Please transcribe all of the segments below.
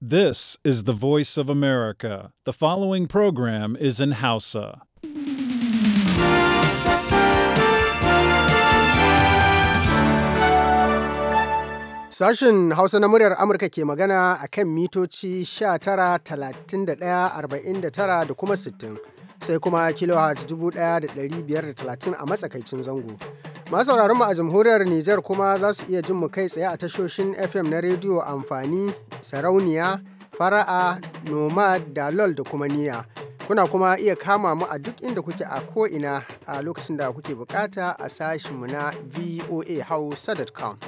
This is the voice of America. The following program is in Hausa. Sashen Hausa na muryar Amurka ke magana a kan mitoci 19, 31, 49 da kuma 60. sai kuma dubu biyar da talatin a matsakaicin zango. masu mu a jamhuriyar Nijar kuma za su iya jin mu kai tsaye a tashoshin FM na rediyo amfani, sarauniya, fara'a, nomad, dalol da kuma niya. Kuna kuma iya kama mu a duk inda kuke a ko'ina a lokacin da kuke bukata a sashinmu na voahausa.com.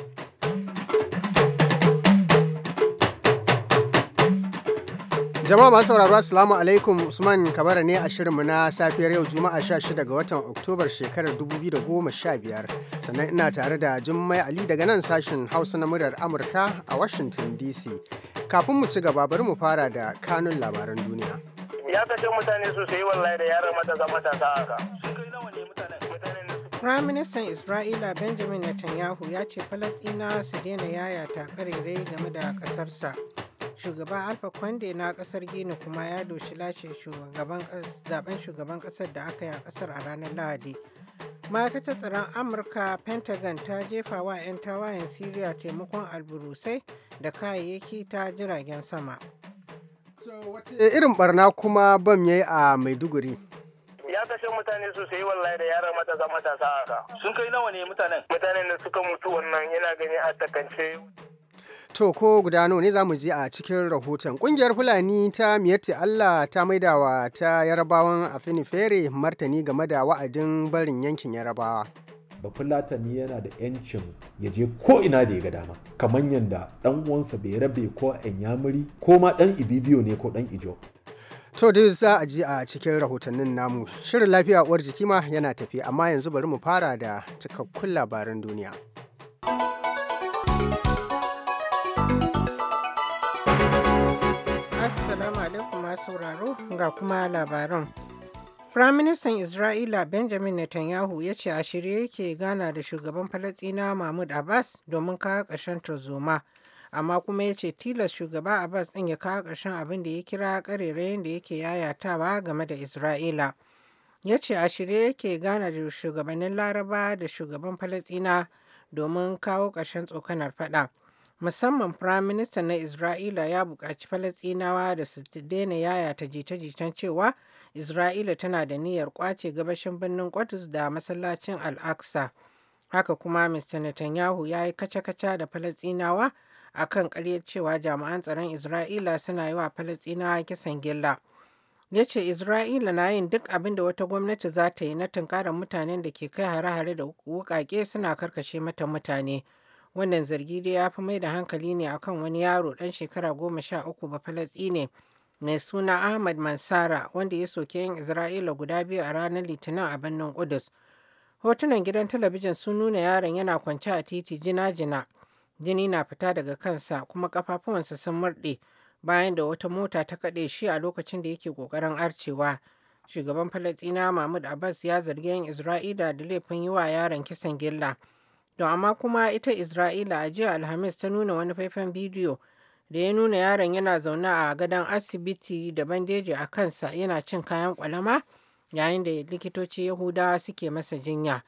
Jama'a masu sauraro Assalamu alaikum Usman Kabara ne a shirinmu na safiyar yau Juma'a 16 ga watan Oktobar shekarar 2015 sannan ina tare da Jummai Ali daga nan sashen Hausa na muryar Amurka a Washington DC. Kafin mu ci gaba bari mu fara da kanun labaran duniya. Ya kashe mutane sosai wallahi da yaran matasa matasa haka. Firaministan Isra'ila Benjamin Netanyahu ya ce Falasɗina su daina yayata ƙarerai game da ƙasarsa. Shugaban alfa kwande na kasar gini kuma ya doshi lashe zaben shugaban kasar da aka yi a kasar a ranar lahadi ma'aikatar tsaron amurka pentagon ta jefa wa 'yan tawayen syria taimakon alburusai da kayayyaki ta jiragen sama irin barna kuma bam yayi a maiduguri ya kashe mutane sosai wallahi da yaran matasa matasa haka sun kai nawa ne mutanen mutanen da suka mutu wannan yana gani a takance To ko guda nawa ne za mu je a cikin rahoton. ƙungiyar Fulani ta Miyatti Allah ta maidawa ta Yarabawan Afinifere martani game da wa'adin barin yankin Yarabawa. bafulatani yana da 'yancin ya je ko ina da ya ga dama kamar yadda dan uwansa bai rabe ko yamuri ko ma dan ibibiyo ne ko dan ijo to dai za a je a cikin rahotannin namu shirin lafiya uwar jiki ma yana tafi amma yanzu bari mu fara da cikakkun labaran duniya sauraro ga kuma labaran. Firaministan Isra'ila Benjamin Netanyahu ya ce a shirye yake gana da shugaban Falasɗina Mahmud Abbas domin kawo ƙarshen tarzoma, amma kuma ya ce tilas shugaba Abbas ɗin ya kawo ƙarshen abin da ya kira ƙarerayen da yake yayatawa game da Isra'ila. Ya ce a shirye yake gana da shugabannin Laraba da shugaban Falasɗina domin kawo ƙarshen tsokanar faɗa. musamman firaminista na isra'ila ya buƙaci falasɗinawa da su daina ta jita-jitan cewa isra'ila tana da niyyar ƙwace gabashin birnin Qudus da masallacin al-aqsa haka kuma mr netanyahu ya yi kaca-kaca da falasɗinawa a kan ƙaryar cewa jami'an tsaron isra'ila suna yi wa falasɗinawa kisan gilla ya ce isra'ila na yin duk abin da wata gwamnati za ta yi na tunkarar mutanen da ke kai hare-hare da wuƙaƙe suna karkashe mata mutane Wannan zargi dai ya fi mai da hankali ne akan wani yaro ɗan shekara goma sha uku ba ne, mai suna Ahmad Mansara wanda ya soke yin Isra'ila guda biyu a ranar Litinin a birnin Kudus. Hotunan gidan talabijin sun nuna yaron yana kwance a titi jina-jina. Jini na fita daga kansa kuma kafafuwansa sun murɗe bayan da wata mota ta kaɗe shi a lokacin da yake ƙoƙarin arcewa. Shugaban Falasɗina Mahmud Abbas ya zargi 'yan Isra'ila da laifin yi wa yaron kisan gilla. To amma kuma ita Isra'ila a jiya Alhamis ta nuna wani faifan bidiyo da ya nuna yaron yana zaune a gadon asibiti da bandeji a kansa yana cin kayan kwalama yayin da likitoci Yahudawa suke masa jinya.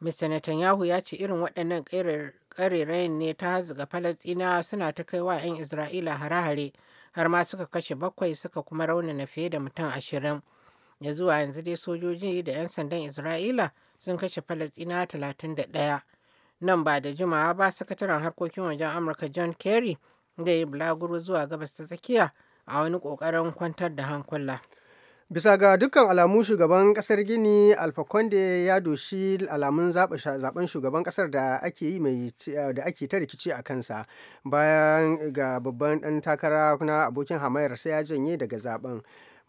Mista Netanyahu ya ce irin waɗannan ƙarerayen ne ta hazga Falasina suna ta kai wa 'yan Isra'ila hare-hare har ma suka kashe bakwai suka kuma raunana fiye da mutum ashirin. Ya zuwa yanzu dai sojoji da 'yan sandan Isra'ila sun kashe Falasina talatin da ɗaya. nan ba da jimawa ba sakataren harkokin wajen amurka john kerry zai yi bulaguro zuwa gabas ta tsakiya a wani kokarin kwantar da hankula. bisa ga dukkan alamu shugaban kasar gini alfa conde ya doshi alamun zaben shugaban kasar da ake yi mai da ake ta rikici a kansa bayan ga babban dan takara na abokin hamayar sai ya janye daga zaben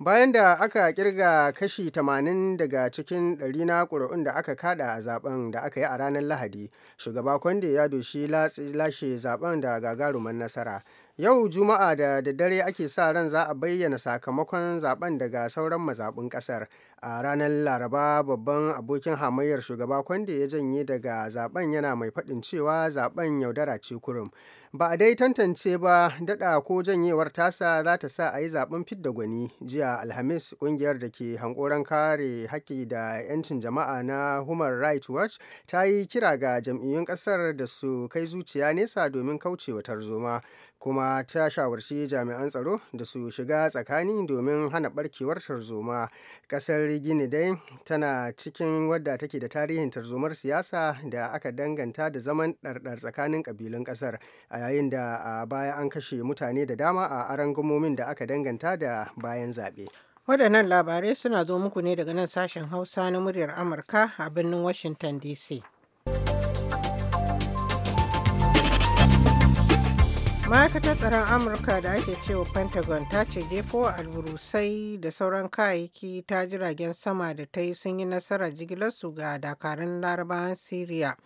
bayan da aka kirga kashi 80 daga cikin ɗari na ƙuri'un da aka kada a zaben da aka yi a ranar lahadi shugaba kwande ya doshi lashe zaben da gagaruman nasara yau juma'a da daddare ake sa ran za a bayyana sakamakon zaben daga sauran mazaɓin ƙasar a ranar laraba babban abokin hamayyar shugaba kwande ya janye daga zaben yana mai faɗin cewa zaben yaudara ce kurum ba a dai tantance ba daɗa ko janyewar tasa za ta sa a yi zaɓen fidda gwani jiya alhamis ƙungiyar da ke hankoran kare haƙƙi da 'yancin jama'a na human rights watch ta yi kira ga jam'iyyun ƙasar da su kai zuciya nesa domin kaucewa tarzoma kuma ta shawarci jami'an tsaro da su shiga tsakani domin hana barkewar tarzoma ƙasar gini dai tana cikin wadda take da tarihin tarzomar siyasa da aka danganta da zaman ɗarɗar tsakanin ƙabilun ƙasar a yayin da a baya an kashe mutane da dama a arangamomin da aka danganta da bayan zaɓe. waɗannan labarai suna zo muku ne daga nan sashen hausa na muryar amurka a birnin washington dc ma'aikatar tsaron amurka da ake cewa pentagon ta ce jefo alburusai da sauran kayayyaki ta jiragen sama da ta yi sun yi nasarar jigilarsu ga dakarun larabawan syria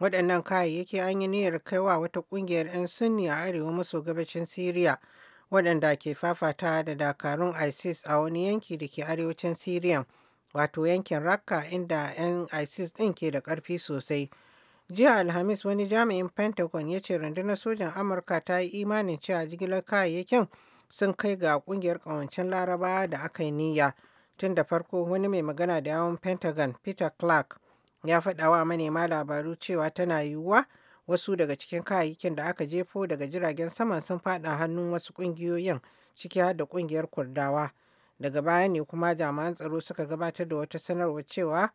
Waɗannan kayayyaki an yi niyyar kaiwa wata ƙungiyar 'yan Sunni a arewa maso gabacin Siriya waɗanda ke fafata da dakarun ISIS a wani yanki da ke arewacin siriya wato yankin Rakka inda 'yan ISIS ɗin ke da ƙarfi sosai. Jiya Alhamis wani jami'in Pentagon ya ce rundunar sojan Amurka ta yi imanin cewa jigilar kayayyakin sun kai ga ƙungiyar ƙawancen Laraba da aka yi niyya. Tun da farko wani mai magana da yawon Pentagon Peter Clark ya faɗa wa manema labaru cewa tana yiwuwa wasu daga cikin kayayyakin da aka jefo daga jiragen saman sun faɗa hannun wasu ƙungiyoyin ciki har da ƙungiyar kurdawa daga baya ne kuma jami'an tsaro suka gabatar da wata sanarwa cewa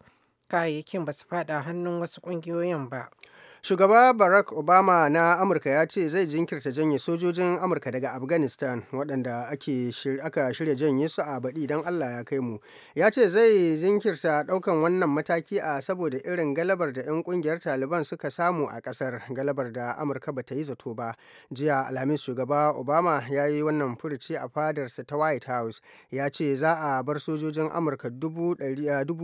kayayyakin ba su faɗa hannun wasu ƙungiyoyin ba Shugaba Barack Obama na Amurka ya ce zai jinkirta janye sojojin Amurka daga Afghanistan waɗanda aka shirya janye su a baɗi don Allah ya kai mu. Ya ce zai jinkirta ɗaukan wannan mataki a saboda irin galabar da 'yan ƙungiyar Taliban suka samu a ƙasar galabar da Amurka ba ta yi zato ba. Jiya Alhamis shugaba Obama ya yi wannan furuci a fadarsa ta White House ya ce za a bar sojojin Amurka dubu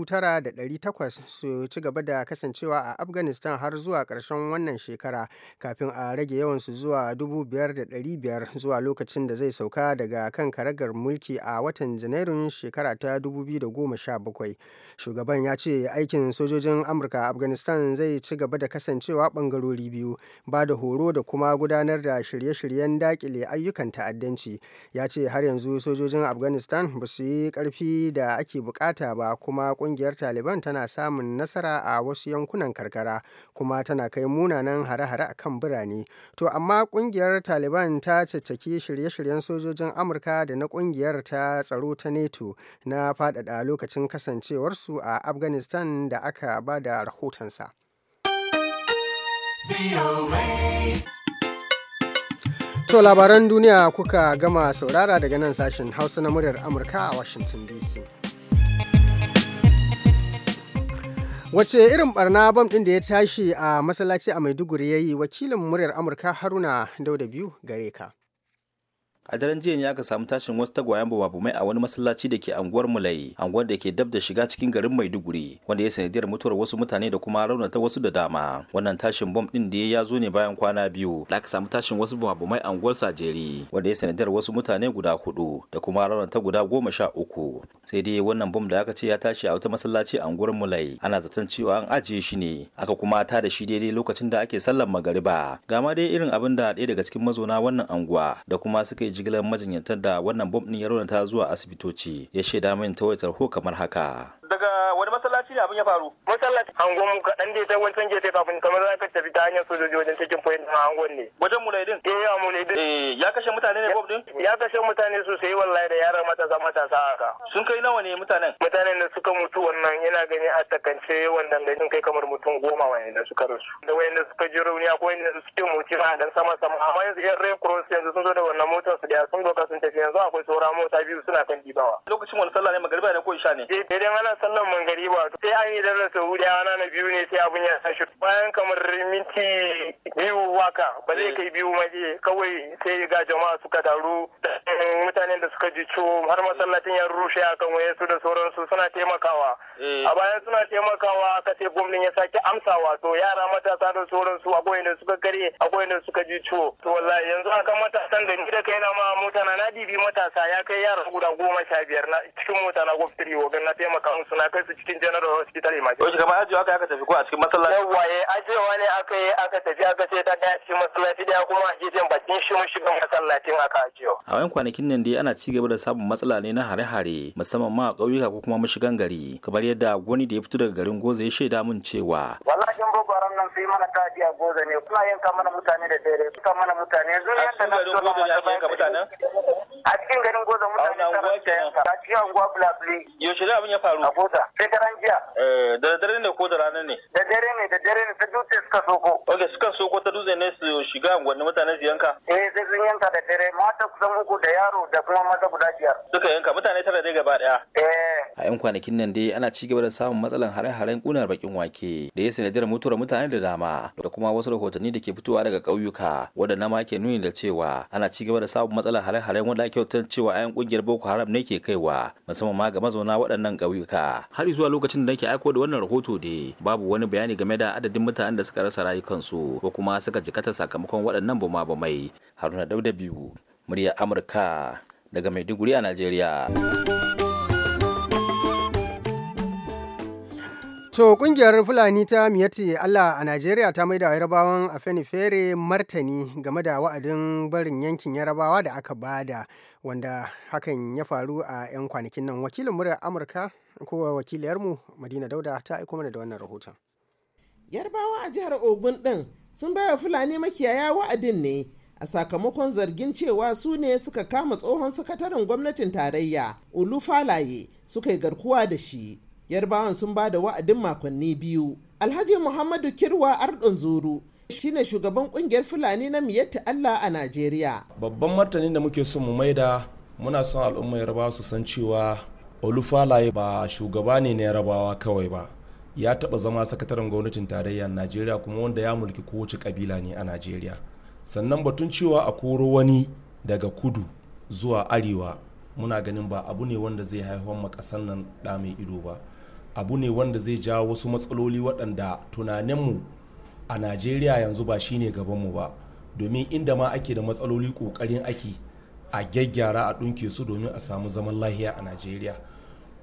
tara da ɗari takwas su ci gaba da kasancewa a Afghanistan har zuwa ƙarshen ƙarshen wannan shekara kafin a rage yawan su zuwa 5,500 zuwa lokacin da zai sauka daga kan karagar mulki a watan janairun shekara ta 2017 shugaban ya ce aikin sojojin amurka afghanistan zai ci gaba da kasancewa ɓangarori biyu ba da horo da kuma gudanar da shirye-shiryen dakile ayyukan ta'addanci ya ce har yanzu sojojin afghanistan ba su yi karfi da ake bukata ba kuma ƙungiyar taliban tana samun nasara a wasu yankunan karkara kuma tana kai kai munanan hare-hare a kan birane. To amma ƙungiyar Taliban ta caccaki shirye-shiryen sojojin Amurka da na ƙungiyar ta tsaro ta NATO na faɗaɗa lokacin kasancewarsu a Afghanistan da aka ba da rahotonsa. To labaran duniya kuka gama saurara daga nan sashen Hausa na muryar Amurka a Washington DC. Wace irin barna bam ɗin da ya tashi a masallaci a Maiduguri ya yi wakilin muryar Amurka Haruna Dauda biyu gare ka. a daren jiya ne aka samu tashin wasu tagwayen bumabumai a wani masallaci da ke anguwar mulai anguwar da ke dab da shiga cikin garin maiduguri wanda ya sanadiyar mutuwar wasu mutane da kuma raunata wasu da dama wannan tashin bom din da ya zo ne bayan kwana biyu da aka samu tashin wasu bumabumai a anguwar sajeri wanda ya sanadiyar wasu mutane guda hudu da kuma raunata guda goma sha uku sai dai wannan bom da aka ce ya tashi a wata masallaci a anguwar mulai ana zaton cewa an ajiye shi ne aka kuma ta da shi daidai lokacin da ake sallar magariba ga dai irin abin da ɗaya daga cikin mazauna wannan anguwa da kuma suka yi jigilar majinyatar da wannan bom ɗin ya ta zuwa asibitoci ya shaida min ta wayar kamar haka daga wani masallaci ne abin ya faru masallaci hangon mu kaɗan dai ta wancan gefe kafin kamar za ka tafi ta hanyar sojoji wajen cikin point na hangon ne wajen mulaidin eh ya mulaidin eh ya kashe mutane ne bob din ya kashe mutane sosai wallahi da yaran matasa matasa haka sun kai nawa ne mutanen mutanen da suka mutu wannan yana gani a takance wannan da sun kai kamar mutum goma wani da suka rasu da wani da suka ji rauni akwai wani da suke mutu a dan sama sama amma yanzu yan red cross yanzu sun zo da wannan motar su da sun doka sun tafi yanzu akwai saura mota biyu suna kan dibawa lokacin wani sallah ne magariba ne ko isha ne eh dai idan ana sallan ba sai an yi dalar saudi a na biyu ne sai abun ya tashi bayan kamar minti biyu waka ba zai eh. kai biyu ma eh, kawai sai ga jama'a suka taru mutanen da suka ji ciwo har masallacin ya rushe akan wayansu da sauransu suna taimakawa eh. a bayan suna taimakawa aka sai gwamnan ya sake amsawa to yara matasa da sauransu akwai da suka kare akwai da suka ji ciwo to wallahi yanzu akan matasan da ni da kaina ma mota na dibi matasa ya kai yara guda goma sha biyar na cikin mota na gwamnati na taimaka musu suna kai su cikin general hospital imaki wai kamar ajiyo aka aka tafi ko a cikin masallaci yawa eh ajiyewa ne aka yi aka tafi aka ce ta daya cikin masallaci daya kuma a gefen bakin shi mun shiga masallacin aka ajiyewa a wani kwanakin nan dai ana ci gaba da samun matsala ne na hare-hare musamman ma a ƙauyuka ko kuma mashigan gari kamar yadda wani da ya fito daga garin goza ya shaida mun cewa wallahi boko haram nan sai mana ta a goza ne kuma yanka mana mutane da dare suka mana mutane yanzu yadda na so na mutane a cikin garin goza mutane ta yanka a cikin anguwa bulabule yaushe da abin ya faru mota sai karan jiya. Eh, da dare ne ko da rana ne. da dare ne da dare ne ta dutse suka soko. ok suka soko ta dutse ne su shiga angwanni mutane su yanka. eh sai sun yanka da dare mata kusan uku da yaro da kuma maza guda biyar. suka yanka mutane tara dai gaba daya. Eh. a 'yan kwanakin nan dai ana ci gaba da samun matsalan hare-haren kunar bakin wake da ya sanadiyar mutuwar mutane da dama da kuma wasu rahotanni da ke fitowa daga ƙauyuka waɗanda ma ke nuni da cewa ana ci gaba da samun matsalan hare-haren wanda ake cewa 'yan kungiyar boko haram ne ke kaiwa musamman ma ga mazauna waɗannan ƙauyuka Amurka. Har zuwa lokacin da nake aiko da wannan rahoto da babu wani bayani game da adadin mutanen da suka rasa rayukansu ko kuma suka jikata sakamakon waɗannan bama Haruna Dauda biyu, murya Amurka daga Maiduguri a Najeriya. To kungiyar Fulani ta miyati Allah a Najeriya ta maida yarabawan fere martani game da wa'adin barin yankin yarabawa da aka bada wanda hakan ya faru a 'yan kwanakin nan wakilin murar Amurka kowa wakiliyarmu madina dauda ta aiko mana da wannan rahoton yarbawa a jihar ogun ɗin sun baiwa fulani makiyaya wa'adin ne a sakamakon zargin cewa su ne suka kama tsohon sakataren gwamnatin tarayya olufalaye suka yi garkuwa da shi yarbawan sun ba da wa'adin makonni biyu alhaji muhammadu kirwa ardon zuru shine shugaban kungiyar fulani na miyatta allah a najeriya babban martanin da muke son mu maida muna son al'ummar yarbawa su san cewa olufalaye ba shugaba ne na yarabawa kawai ba ya taɓa zama sakataren gwamnatin tarayyar najeriya kuma wanda ya mulki kowace kabila ne a najeriya sannan batun cewa a koro wani daga kudu zuwa arewa muna ganin ba abu ne wanda zai haihuwar makasan nan da mai ido ba abu ne wanda zai jawo wasu matsaloli waɗanda tunaninmu a najeriya yanzu ba shine gabanmu ba domin inda ma ake da matsaloli ƙoƙarin ake a gyaggyara a ɗunke su domin a samu zaman lahiya a najeriya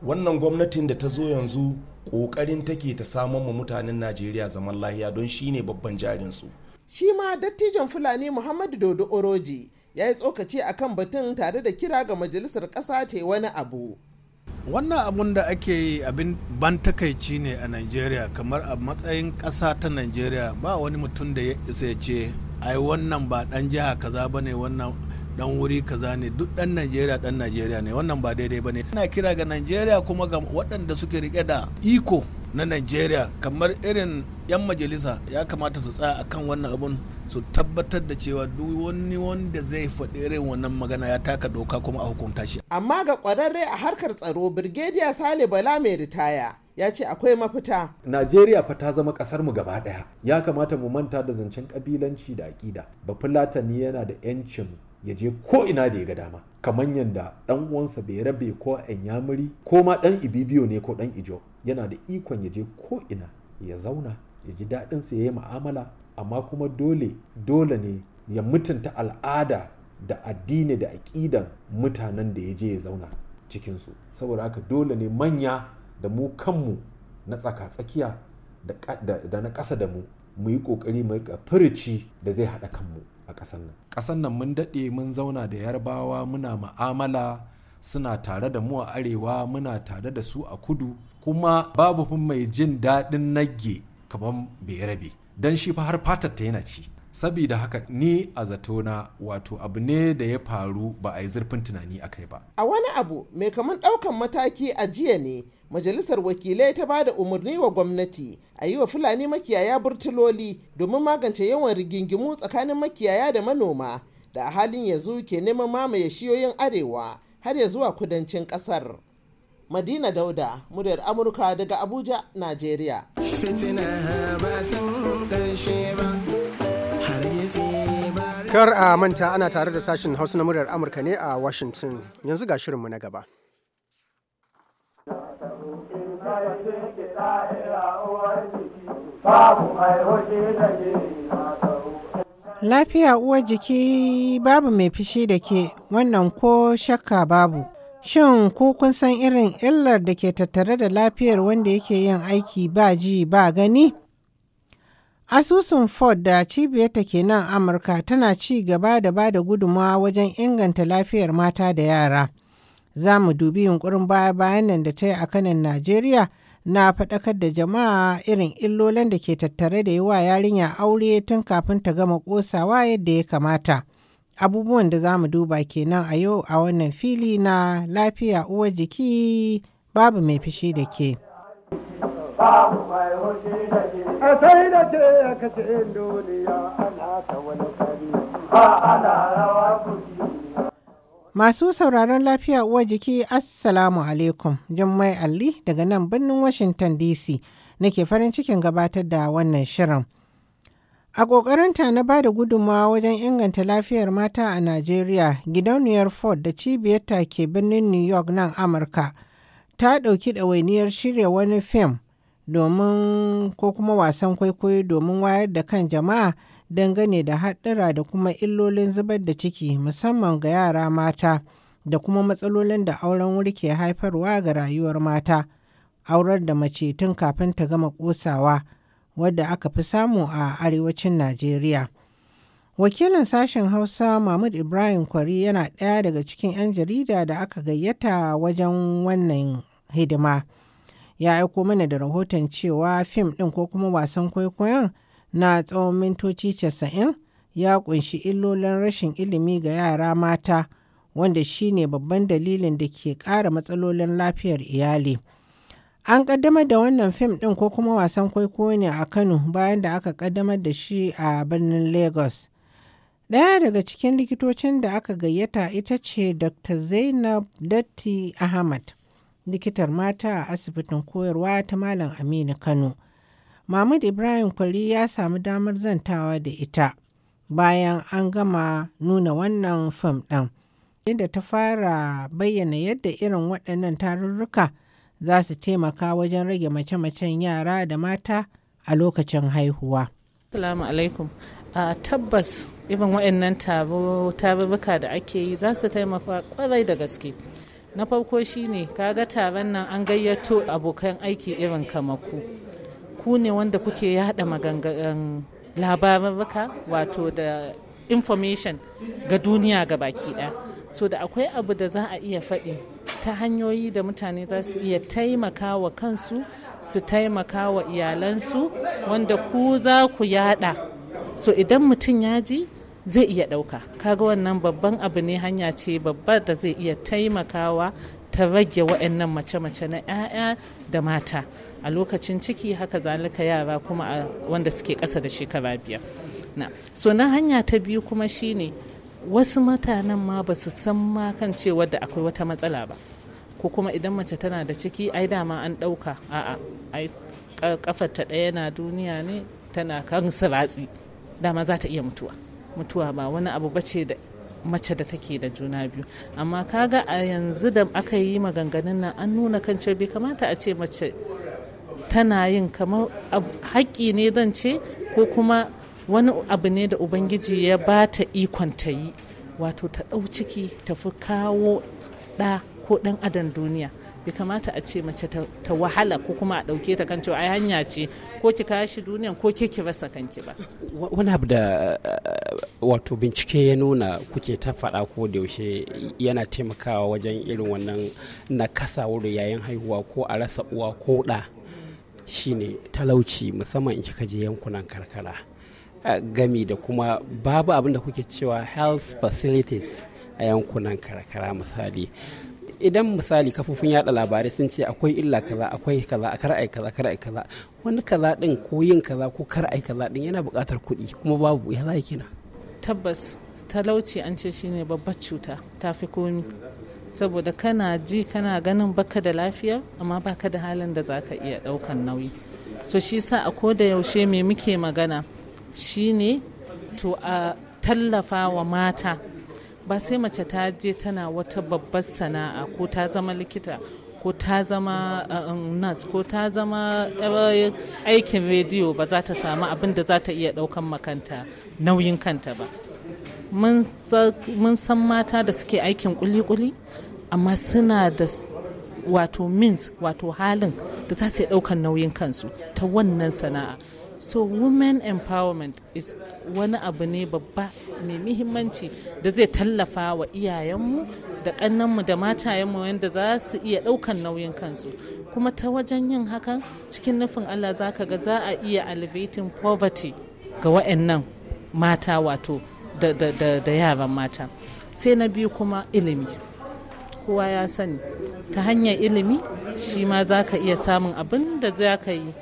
wannan gwamnatin da ta zo yanzu ƙoƙarin take ta samun ma mutanen najeriya zaman lahiya don shine babban jarinsu shi ma dattijan fulani muhammadu dodo oroji ya yi tsokaci a kan batun tare da kira ga majalisar ƙasa ta wani abu wannan abun da ake yi abin ban takaici ne a najeriya kamar a matsayin ƙasa ta najeriya ba wani mutum da ya ce ai wannan ba ɗan jiha kaza ba ne wannan dan wuri kaza ne duk dan najeriya dan najeriya ne wannan ba daidai ba ne ina kira ga najeriya kuma ga waɗanda suke rike da iko na najeriya kamar irin 'yan majalisa ya kamata su tsaya akan wannan abun su tabbatar da cewa duk wani wanda zai faɗi irin wannan magana ya taka doka kuma a hukunta shi. Amma ga ƙwararre a harkar tsaro Birgediya Sale Bala mai ritaya ya ce akwai mafita. Najeriya fa ta zama ƙasar mu gaba ɗaya. Ya kamata mu manta da zancen ƙabilanci da aƙida. Bafulatani yana da 'yancin ya je ko'ina da ya ga dama kamar yadda ɗan uwansa bai rabe ko yamuri ko ma dan ibibiyo ne ko ɗan ijo yana da ikon ya je ko'ina ya zauna ya ji daɗin sa ya yi mu'amala amma kuma dole dole ne ya mutunta al'ada da addini da aƙidan mutanen da ya je ya zauna cikinsu saboda haka dole ne manya da mu kanmu na tsaka-tsakiya da na ƙasa da mu mu yi ƙoƙari mu riƙa firici da zai haɗa kanmu a ƙasar nan ƙasar nan mun daɗe mun zauna da yarbawa muna ma'amala suna tare da mu a arewa muna tare da su a kudu kuma babu fin mai jin daɗin nagge kamar rabe don shi fa har fatar ta yana ci sabida haka ni a zatona wato abu ne da ya faru ba a yi zurfin tunani a kai ba a wani abu mai kamar ɗaukan mataki a jiya ne majalisar wakilai ta ba da umarni wa gwamnati a yi wa fulani makiyaya burtuloli domin magance yawan rigingimu tsakanin makiyaya da manoma da a halin yanzu ke neman mamaye shiyoyin arewa har ya zuwa kudancin kasar madina dauda muryar amurka daga abuja nigeria Kar a manta ana tare da sashen Hausa na muryar Amurka ne a Washington. Yanzu ga shirinmu na gaba. Lafiya uwar jiki babu mai fishi da ke wannan ko shakka babu. Shin ko kun san irin illar da ke tattare da lafiyar wanda yake yin aiki ba ji ba gani? Asusun Ford da cibiyarta ke nan Amurka tana ci gaba da ba da gudunmawa wajen inganta lafiyar mata da yara. Za mu dubi yunkurin baya-bayan nan da ta yi a kanin Najeriya na faɗakar da jama'a irin illolin da ke tattare da yi wa yarinya aure tun kafin ta gama ƙosawa yadda ya kamata. Abubuwan da za mu duba kenan a yau a wannan fili na lafiya uwa jiki babu mai fishi da ke. ba ana rawa Masu sauraron lafiya uwa jiki Assalamu alaikum, Jummai Ali daga nan birnin Washington DC nake farin cikin gabatar da wannan shirin. A ƙoƙarinta na bada da gudunmawa wajen inganta lafiyar mata a Najeriya, gidauniyar Ford da cibiyarta ke birnin New York nan Amurka ta ɗauki ɗawainiyar shirya wani fim domin ko kuma wasan kwaikwayo domin wayar da kan jama'a dangane da haɗura da kuma illolin zubar da ciki musamman ga yara mata da kuma matsalolin da auren wuri ke haifarwa ga rayuwar mata aurar da mace tun kafin ta gama ƙosawa wadda aka fi samu a arewacin najeriya wakilin sashen hausa mahmud ibrahim kwari yana ɗaya daga cikin 'yan jarida da aka gayyata wajen wannan hidima ya aiko mana da rahoton cewa fim ɗin ko kuma wasan kwaikwayon na tsawon mintoci casa'in, ya kunshi illolin rashin ilimi ga yara mata wanda shine babban dalilin da ke ƙara matsalolin lafiyar iyali. An ƙaddamar da wannan fim ɗin ko kuma wasan kwaikwayo ne a Kano bayan da aka ƙaddamar da shi a birnin Lagos. Ɗaya daga cikin likitocin da aka gayyata ita ce Dr. Zainab Datti Ahmad, likitar mata a asibitin koyarwa ta Malam Aminu Kano. Mahmud Ibrahim Kwali ya samu damar zantawa da ita bayan an gama nuna wannan fim ɗin, inda ta fara bayyana yadda irin waɗannan tarurruka za su taimaka wajen rage mace-macen yara da mata a lokacin haihuwa. Assalamu alaikum. A tabbas irin waɗannan tarurruka da ake yi za su taimaka kwarai da gaske. Na farko shi shine kaga taron nan an gayyato abokan aiki irin kamaku. ku ne wanda kuke yada maganganun labaruka wato da information ga duniya ga baki ɗaya so da akwai abu da za a iya faɗi ta hanyoyi da mutane za su iya taimaka wa kansu su taimaka wa iyalansu wanda ku za ku yada so idan mutum ya ji zai iya ɗauka kaga wannan babban abu ne hanya ce babba da zai iya taimakawa ta rage waɗannan mace-mace na 'ya'ya da mata a lokacin ciki haka zalika yara kuma a wanda suke ƙasa da shekara biyar na so na hanya ta biyu kuma shine wasu mutanen ma ba su san ma kan cewa da akwai wata matsala ba ko kuma idan mace tana da ciki ai dama an ɗauka a'a ai kafarta ɗaya na duniya ne tana kan ratsi dama za ta iya mutuwa mutuwa ba wani abu bace da mace da take da juna biyu amma kaga a yanzu da aka yi maganganun nan an nuna kan cewa bai kamata a ce mace tana yin kamar haƙƙi ne zan ce ko kuma wani abu ne da ubangiji ya ba ta ikon ta yi wato ta ɗau ciki ta fi kawo ɗa ko ɗan adam duniya bai kamata a ce mace ta wahala ko kuma a ɗauke ta kan cewa ai hanya ce ko ki kashi duniyan ko ke ki rasa kanki ba wani abu da eh, wato bincike ya nuna kuke ta faɗa ko da yaushe yana taimakawa wajen irin wannan na kasa wuri yayin haihuwa ko a rasa uwa ko ɗa shine talauci musamman in kika je yankunan karkara eh, gami da kuma babu abin da kuke cewa health facilities a yankunan karkara misali idan misali kafofin yada labarai sun ce akwai illa kaza akwai kaza a kar ai kaza kar ai kaza wani kaza din ko yin kaza ko kar ai kaza din yana buƙatar kuɗi kuma babu ya za kina tabbas talauci an ce shine babbar cuta ta fi komi saboda kana ji kana ganin baka da lafiya amma baka da halin da zaka iya ɗaukan nauyi so shi sa a koda yaushe me muke magana shine to a tallafa wa mata ba sai mace ta je tana wata babbar sana'a ko ta zama likita ko ta zama uh, um, nas ko ta zama uh, aikin rediyo ba za ta samu abin da za ta iya ɗaukan makanta nauyin kanta ba mun san mata da suke aikin kuli-kuli amma suna da wato means wato halin da za su ɗaukan nauyin kansu ta wannan sana'a so women empowerment is wani abu ne babba mai muhimmanci da zai tallafa wa iyayenmu da kannanmu da matayenmu wanda za su iya ɗaukan nauyin kansu kuma ta wajen yin hakan cikin nufin allah za ka ga za a iya elevating poverty ga wa'annan mata wato da, da yaran mata sai na biyu kuma ilimi kowa ya sani ta hanyar ilimi shi ma za ka iya samun abin da za ka yi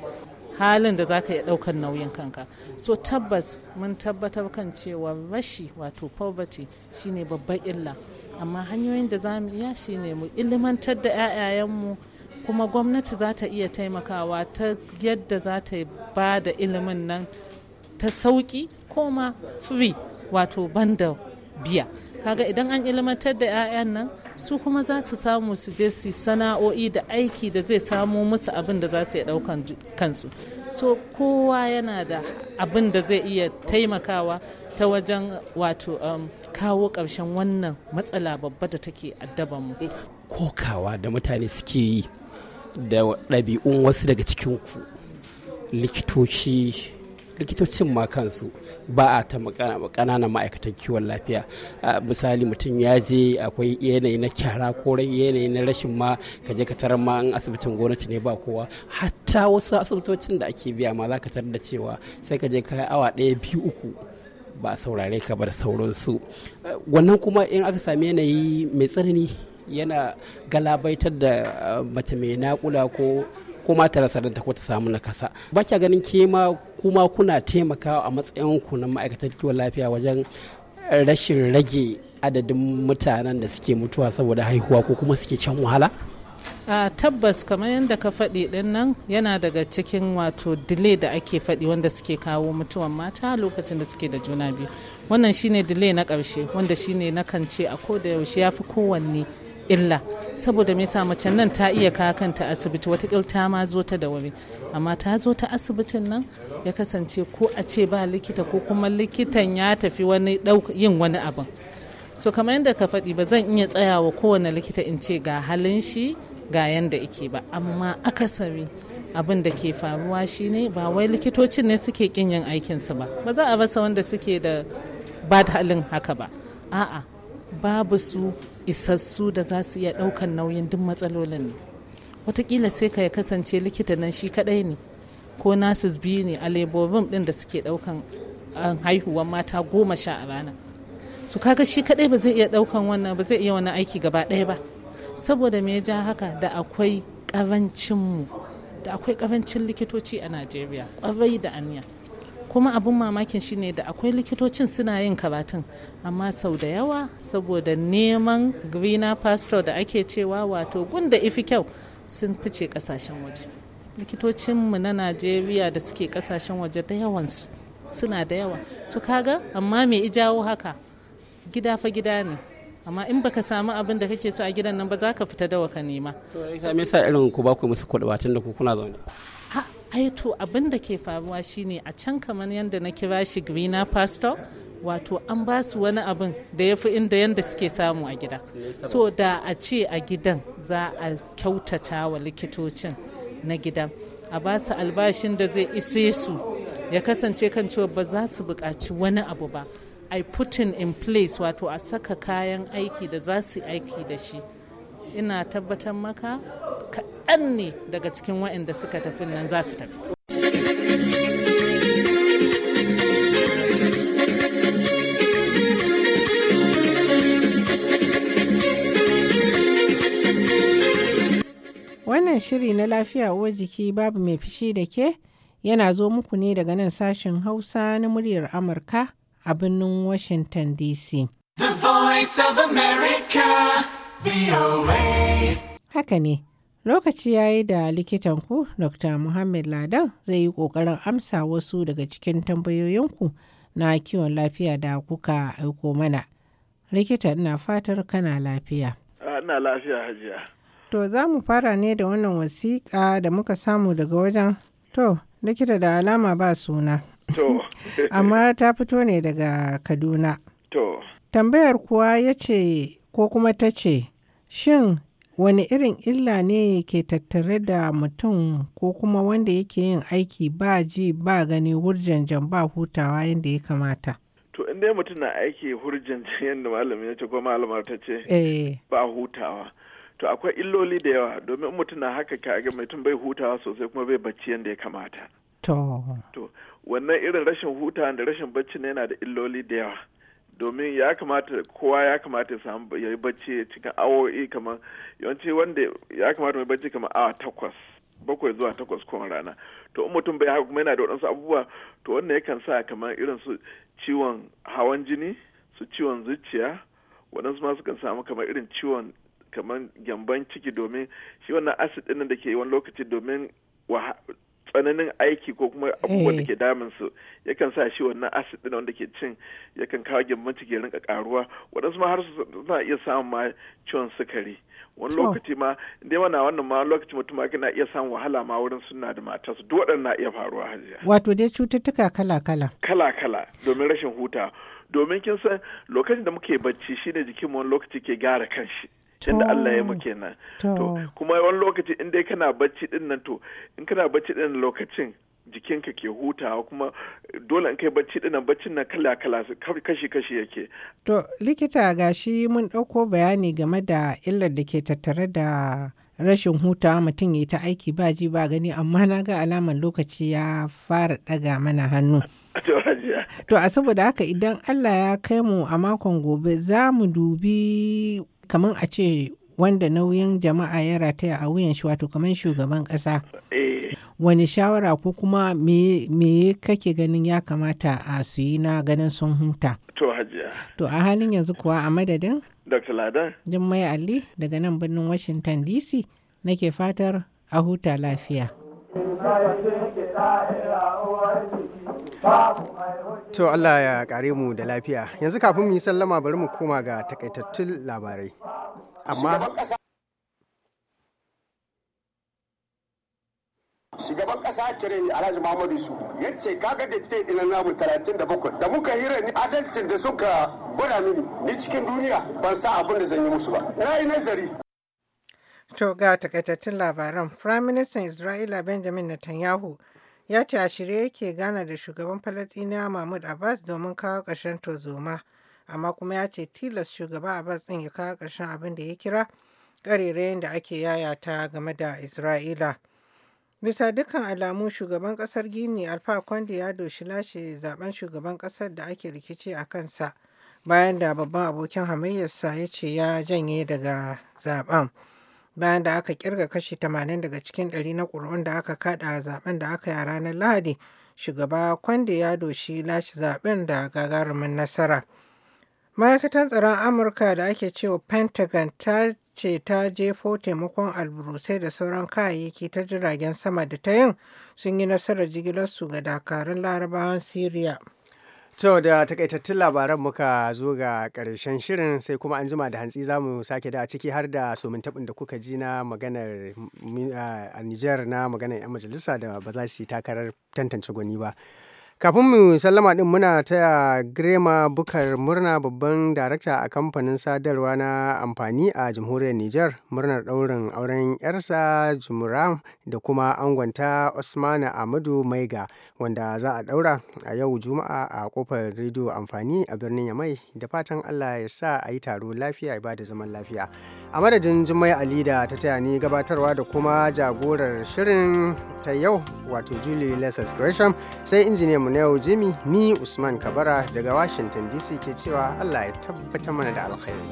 halin da za ka iya ɗaukar nauyin kanka so tabbas mun tabbatar kan cewa rashi wato poverty shine babban illa amma hanyoyin da za mu iya shine mu ilimantar da 'ya'yayenmu kuma gwamnati za ta iya taimakawa ta yadda za ta ba da ilimin nan ta sauƙi koma ma free wato banda biya kaga idan an ilmantar da 'ya'yan nan su kuma za su samu su je su sana'o'i da aiki da zai samo musu abin da za su daukan kansu so kowa yana da abin da zai iya taimakawa ta wajen wato um, kawo ƙarshen wannan matsala babba da take addabanmu kokawa da mutane suke yi da ɗabi'un wasu daga cikinku likitoci likitocin ma kansu ba a ta ƙananan ma'aikatan kiwon lafiya misali mutum ya je akwai yanayi na kyara ko yanayi na rashin ma ka je ka tarar ma an asibitin gwamnati ne ba kowa hatta wasu asibitocin da ake biya ma za ka tarar da cewa sai ka je ka awa ɗaya biyu uku ba a saurare ka bar sauransu wannan kuma in aka sami yanayi mai tsanani yana galabaitar da mace mai nakula ko ko ma ta rasa ta ko ta samu nakasa ba ganin ke ma kuma kuna taimakawa a matsayinku na ma'aikatar kiwon lafiya wajen rashin rage adadin mutanen da suke mutuwa saboda haihuwa ko kuma suke can wahala? a tabbas kamar yadda ka faɗi ɗin nan yana daga cikin wato delay da ake faɗi wanda suke kawo mutuwan mata lokacin da suke da juna biyu wannan shine delay na ƙarshe wanda shine na kance ce a ko da yaushe ya fi kowanne illa saboda me yasa macen nan ta iya kakanta asibiti wata ta ma zo ta da wuri amma ta zo ta asibitin nan ya kasance ko a ce ba likita ko kuma likitan ya tafi wani yin wani abu. so kamar yadda ka faɗi ba zan iya tsayawa kowane likita in ce ga halin shi ga yanda ike ba amma akasari abin da ke faruwa shine ba wai likitocin ne suke kin yin aikinsu ba ba za a rasa wanda suke da bad halin haka ba a'a babu su isassu da za su iya ɗaukan nauyin duk matsalolin ne. watakila sai ka ya kasance likita nan shi kaɗai ne ko nasus biyu ne a leborum ɗin da suke ɗaukan ah, haihuwar mata goma sha a rana su kaga shi kaɗai ba zai iya ɗaukan wannan ba zai iya wani aiki gaba ɗaya ba saboda me ya ja haka da akwai ƙarancin da akwai ƙarancin likitoci a najeriya ƙwarai da aniya kuma abin mamakin shine da akwai likitocin suna yin karatun amma sau da yawa saboda neman greener pastor da ake cewa wato gunda ifi kyau sun fice kasashen waje likitocinmu na najeriya da suke kasashen waje da yawansu suna da yawa su kaga amma me ijawo haka gida fa gida ne amma in baka samu abin da kake so a gidan nan ba za ka fita dawa ka nema. to me yasa irin ku ba ku musu kuɗi tun da ku kuna zaune. ai to abin da ke faruwa shine a can kamar yadda na kira shi greener pastor wato an ba su wani abin da ya fi inda yadda suke samu a gida so da a ce a gidan za a kyautata wa likitocin na gida a ba su albashin da zai ise su ya kasance kan cewa ba za su buƙaci wani abu ba i put in place wato a saka kayan aiki da za su aiki da shi ina tabbatar maka kaɗan ne daga cikin waɗanda suka tafi nan za su tafi wannan shiri na lafiya uwar jiki babu mai fishi da ke yana zo muku ne daga nan sashen hausa na muryar amurka a birnin washington dc the voice of america Haka ne, lokaci ya yi da likitanku Dr. Muhammad Ladan zai yi ƙoƙarin amsa wasu daga cikin tambayoyinku na kiwon lafiya da kuka aiko mana. Likita ina fatar kana lafiya. Ah, ina lafiya hajiya. To za mu fara ne da wannan wasiƙa da muka samu daga wajen. To, likita da alama ba suna. To. Amma ta fito ne daga Kaduna. To. Tambayar kuwa ya ce ko kuma ta ce, Shin wani irin illa ne ke tattare da mutum ko kuma wanda yake yin aiki ba ji ba gani wurjanjan ba hutawa yadda ya kamata? To in dai mutum na aiki hurjanjan yadda malami ya ce ko malamar ta ce eh. ba hutawa. To akwai illoli da yawa domin mutum na haka kaga mutum bai hutawa sosai kuma bai bacci yadda ya kamata. To wannan irin rashin hutawa da rashin bacci ne yana da illoli da yawa. domin ya kamata kowa ya kamata ya samu ya yi bacci cikin awowi kamar yawanci wanda ya kamata mai bacci kamar awa takwas bakwai zuwa takwas kowane rana to in mutum bai haka kuma yana da waɗansu abubuwa to wannan yakan sa kamar irin su ciwon hawan jini su ciwon zuciya waɗansu ma sukan samu kamar irin ciwon kamar gyamban ciki domin shi wannan acid ɗin da ke yi wani lokaci domin tsananin aiki ko kuma abubuwan da eh. ke damun su yakan sa shi wannan acid din wanda ke cin yakan kawo gyambon ciki ya rinka karuwa wadansu ma har su na iya samun ma ciwon sukari wani lokaci ma dai mana wannan ma lokaci mutum ma na iya samun wahala ma wurin suna da matarsu duk waɗannan na iya faruwa hajiya wato dai cututtuka kala-kala kala-kala domin rashin huta domin kin san lokacin da muke bacci shine jikin mu wani lokaci ke gyara kanshi yadda Allah ya muke nan to kuma wani lokaci in dai kana bacci din nan to in kana bacci din lokacin jikinka ke hutawa kuma dole in kai bacci nan baccin nan kala kala kashi kashi yake to likita gashi mun ɗauko bayani game da illar da ke tattare da rashin hutawa mutum ya ta aiki ba ji ba gani amma na ga alamar lokaci ya fara ɗaga mana hannu. To a saboda haka idan Allah ya kai mu a makon gobe za mu dubi kamar a ce wanda nauyin jama'a ya rataya a wuyan shi wato kamar shugaban ƙasa. Eh. Wani shawara ko kuma me kake ganin ya kamata a su yi na ganin sun huta? To a halin yanzu kuwa a madadin? Dr. Jummai Ali daga nan birnin Washington DC nake fatar a huta lafiya. To Allah ya kare mu da lafiya. Yanzu kafin mu yi sallama bari mu koma ga takaitattun labarai. Amma shugaban kasa kire ni alhaji muhammadu su ya ce kaga da fitai dinan namu 37 da muka hira ni adalcin da suka gwada mini ni cikin duniya ban sa abin da zan yi musu ba na yi nazari To ga takaitattun labaran, Firaministan Isra'ila Benjamin Netanyahu ya ce a shirye yake gana da shugaban falasɗina Mahmud Abbas domin kawo ƙarshen tozoma, amma kuma ya ce tilas shugaba Abbas ɗin ya kawo ƙarshen abin da ya kira ƙarerayen da ake yayata game da Isra'ila. Bisa dukkan alamu shugaban ƙasar Gini Alfa kondi ya doshi lashe zaben shugaban ƙasar da ake rikici a kansa bayan da babban abokin hamayyarsa ya ce ya janye daga zaben. bayan da aka kirga kashi 80 daga cikin 100 na ƙuri'un da aka kaɗa a zaben da aka yi a ranar lahadi shugaba kwande ya doshi lashe zaben da gagarumin nasara ma'aikatan tsaron amurka da ake cewa pentagon ta ce ta jefo taimakon alburusai da sauran kayayyaki ta jiragen sama da ta yin sun yi nasarar jigilarsu ga dakarun larabawan syria To da takaitattun labaran muka zo ga karshen shirin sai kuma an jima da hantsi za mu sake da ciki har da somin taɓin da kuka ji na maganar mm, mm, a Nijar na maganar 'yan majalisa da ba za su yi takarar tantance gwani ba. Kafin mu sallama din muna ta Grema Bukar murna babban darakta a kamfanin sadarwa na amfani a jamhuriyar Nijar murnar daurin auren 'yarsa jumuram da kuma angonta Usmanu Ahmadu Maiga wanda za a daura a yau Juma'a a kofar rediyo amfani a birnin Yamai da fatan Allah ya sa a yi taro lafiya ya bada zaman lafiya. A madadin Jummai Ali da ta taya ni gabatarwa da kuma jagorar shirin ta yau wato Julie Lethas Gresham sai injiniyan mu na yau jimi ni Usman Kabara daga Washington DC ke cewa Allah ya tabbata mana da alkhairi.